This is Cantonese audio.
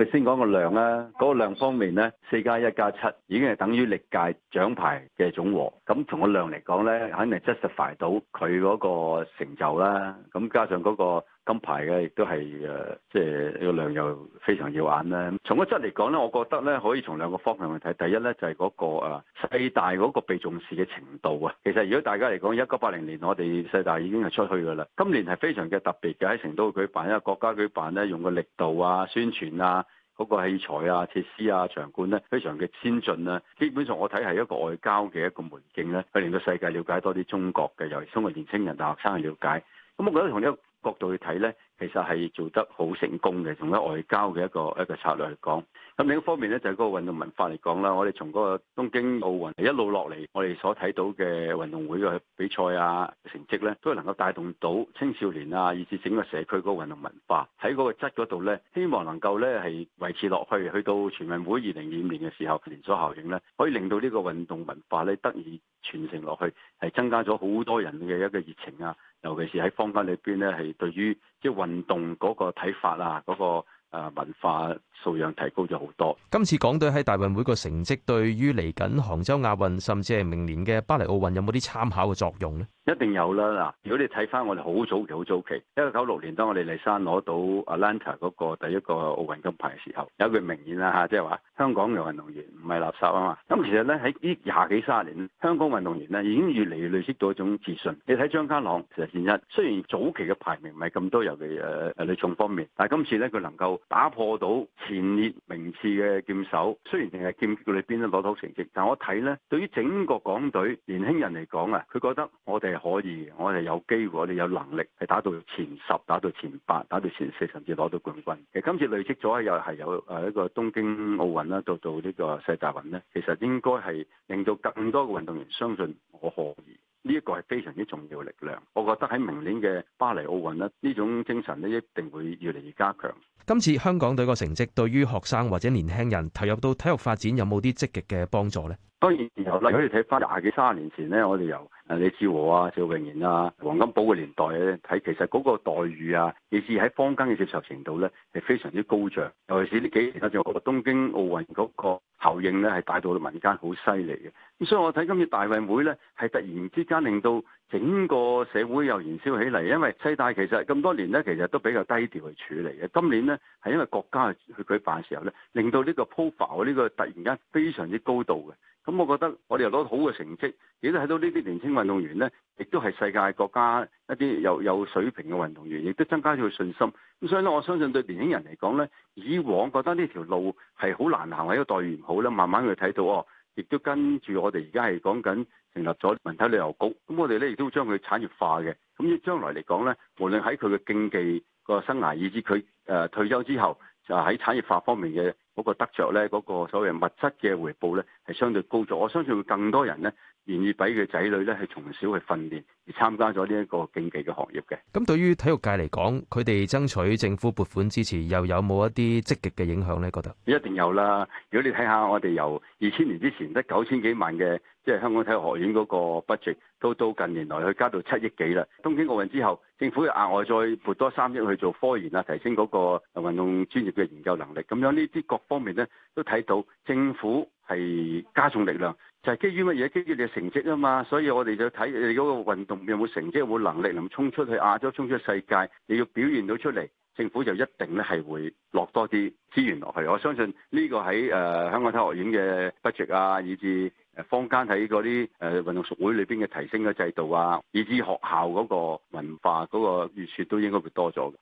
我先講個量啦，嗰個量方面咧，四加一加七已經係等於歷屆獎牌嘅總和。咁從個量嚟講咧，肯定係 justify 到佢嗰個成就啦。咁加上嗰個。金牌嘅亦都係誒，即係個量又非常耀眼啦。從個質嚟講咧，我覺得咧，可以從兩個方向去睇。第一咧，就係、是、嗰、那個誒、啊、世大嗰個被重視嘅程度啊。其實如果大家嚟講，一九八零年我哋世大已經係出去噶啦。今年係非常嘅特別嘅喺成都舉辦，因為國家舉辦咧，用嘅力度啊、宣傳啊、嗰、那個器材啊、設施啊、場館咧，非常嘅先進啊。基本上我睇係一個外交嘅一個門徑咧，去令到世界了解多啲中國嘅，尤其中國年輕人、大學生嘅了解。咁我覺得同呢、這個角度去睇咧。其實係做得好成功嘅，從呢外交嘅一個一個策略嚟講。咁另一方面呢，就係、是、嗰個運動文化嚟講啦。我哋從嗰個東京奧運一路落嚟，我哋所睇到嘅運動會嘅比賽啊、成績呢，都係能夠帶動到青少年啊，以至整個社區嗰個運動文化喺嗰個質嗰度呢，希望能夠呢係維持落去，去到全運會二零二五年嘅時候，連鎖效應呢，可以令到呢個運動文化呢得以傳承落去，係增加咗好多人嘅一個熱情啊。尤其是喺坊間裏邊呢，係對於即係運運動嗰個睇法啊，嗰、嗰個。啊，文化素養提高咗好多。今次港隊喺大運會個成績，對於嚟緊杭州亞運，甚至係明年嘅巴黎奧運，有冇啲參考嘅作用呢？一定有啦。嗱，如果你睇翻我哋好早，早期，好早期，一九九六年當我哋麗珊攞到 Atlanta 嗰個第一個奧運金牌嘅時候，有句名言啦吓，即係話香港嘅運動員唔係垃圾啊嘛。咁其實咧喺呢廿幾卅年，香港運動員呢已經越嚟越累積到一種自信。你睇張家朗、其石建一，雖然早期嘅排名唔係咁多，尤其誒誒舉重方面，但係今次咧佢能夠。打破到前列名次嘅劍手，雖然淨係劍擊裏邊都攞到成績，但我睇呢對於整個港隊年輕人嚟講啊，佢覺得我哋可以，我哋有機會，我哋有能力係打到前十，打到前八，打到前四，甚至攞到冠軍。其實今次累積咗又係有誒一個東京奧運啦，到到呢個世大運呢，其實應該係令到更多嘅運動員相信我可以呢一個係非常之重要嘅力量，我覺得喺明年嘅巴黎奧運呢，呢種精神呢，一定會越嚟越加強。今次香港隊個成績對於學生或者年輕人投入到體育發展有冇啲積極嘅幫助咧？當然有例如睇翻廿幾三十年前咧，我哋由啊李志和啊、趙詠賢啊、黃金寶嘅年代咧睇，其實嗰個待遇啊，以至喺坊間嘅接受程度咧係非常之高漲。尤其是呢幾年啊，仲有東京奧運嗰個。效應咧係帶到民間好犀利嘅，咁所以我睇今次大運會咧係突然之間令到整個社會又燃燒起嚟，因為世大其實咁多年咧其實都比較低調去處理嘅，今年咧係因為國家去舉辦時候咧，令到呢個 profile 呢、這個突然間非常之高度嘅。咁、嗯、我覺得我哋又攞到好嘅成績，亦都睇到呢啲年輕運動員呢，亦都係世界國家一啲有有水平嘅運動員，亦都增加咗佢信心。咁所以呢，我相信對年輕人嚟講呢，以往覺得呢條路係好難行，喺個待遇唔好咧，慢慢去睇到哦，亦都跟住我哋而家係講緊成立咗文體旅遊局，咁我哋呢亦都會將佢產業化嘅。咁將來嚟講呢，無論喺佢嘅競技個生涯以至佢誒、呃、退休之後，就喺產業化方面嘅。嗰個得着咧，嗰個所謂物質嘅回報咧，係相對高咗。我相信會更多人咧。願意俾佢仔女咧，係從小去訓練而參加咗呢一個競技嘅行業嘅。咁對於體育界嚟講，佢哋爭取政府撥款支持，又有冇一啲積極嘅影響咧？覺得一定有啦。如果你睇下我哋由二千年之前得九千幾萬嘅，即係香港體育學院嗰個 budget，都到近年來去加到七億幾啦。東京奧運之後，政府又額外再撥多三億去做科研啊，提升嗰個運動專業嘅研究能力。咁樣呢啲各方面咧，都睇到政府。係加重力量，就係、是、基於乜嘢？基於你嘅成績啊嘛，所以我哋就睇你嗰個運動有冇成績，有冇能力能衝出去亞洲、衝出世界，你要表現到出嚟，政府就一定咧係會落多啲資源落去。我相信呢個喺誒香港體育學院嘅 budget 啊，以至誒坊間喺嗰啲誒運動協會裏邊嘅提升嘅制度啊，以至學校嗰個文化嗰個熱血都應該會多咗。